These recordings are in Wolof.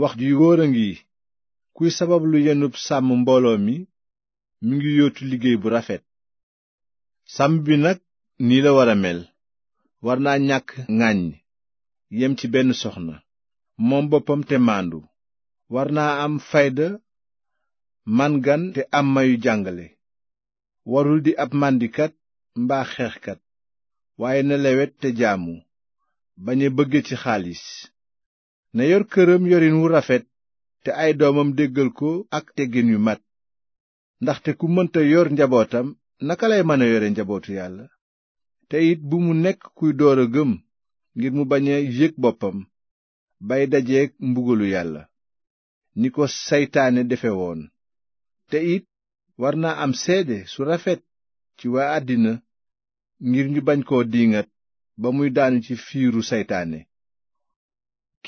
wax ju wóor a ngi kuy sabablu yenub sàmm mbooloo mi mu ngi yóotu liggéey bu rafet sàmm bi nag nii la war a mel war naa ñàkk ŋàññ yem ci benn soxna moom boppam te maandu war naa am fayda man gan te am mayu jàngale warul di ab màndikat mbaa xeexkat waaye na lewet te jaamu bañ a bëgge ci xaalis na yor këram yorin wu rafet te ay doomam déggal ko ak teggin yu mat ndaxte ku mënta yor njabootam naka lay mën a yore njabootu yàlla te it bu mu nekk kuy doora gëm ngir mu bañ a yëg boppam bay dajeek mbugalu yàlla ni ko seytaane defe woon te it war naa am seede su rafet ci waa àddina ngir ñu bañ koo diingat ba muy daanu ci fiiru seytaane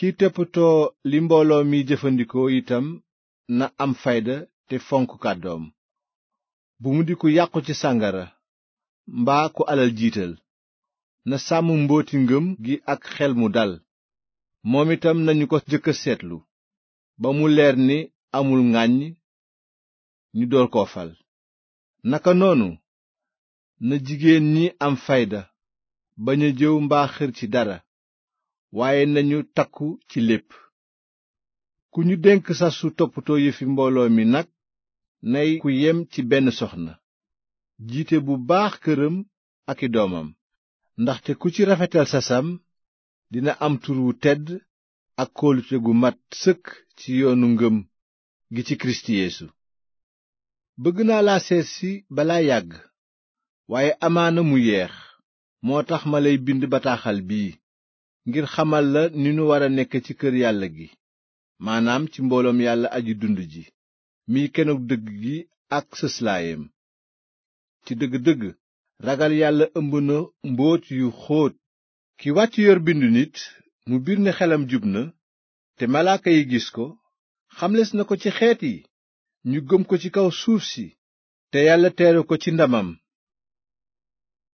kiy toppatoo li mbooloo mi jëfandikoo itam na am fayda te fonk kàddoom bu mu di ko yàqu ci sàngara mbaa ku alal jiital na sàmm mbooti ngëm gi ak xel mu dal moom itam nañu ko jëkka seetlu ba mu leer ni amul ŋàññ ñu door ko fal naka noonu na jigéen ñi am fayda bañ a jëw mbaa xër ci dara waaye nañu takku ci lépp ku ñu dénk sasu toppatoo yëfi mbooloo mi nag nay ku yem ci benn soxna jiite bu baax këram ak i doomam ndaxte ku ci rafetal sasam dina am tur wu tedd ak kóolute gu mat sëkk ci yoonu ngëm gi ci Kirist Yeesu bëgg naa laa seet si balaa yàgg waaye amaana mu yeex moo tax ma lay bind bataaxal bii ngir xamal la ni nu a nekk ci kër yàlla gi maanaam ci mbooloom yàlla aji dund ji miy kenug dëgg gi ak sëslaayam ci dëgg-dëgg ragal yàlla ëmb na mbóot yu xóot ki wàcc yor bindu nit mu biir ne xelam jub na te malaaka yi gis ko xamles na ko ci xeet yi ñu gëm ko ci kaw suuf si te yàlla teeru ko ci ndamam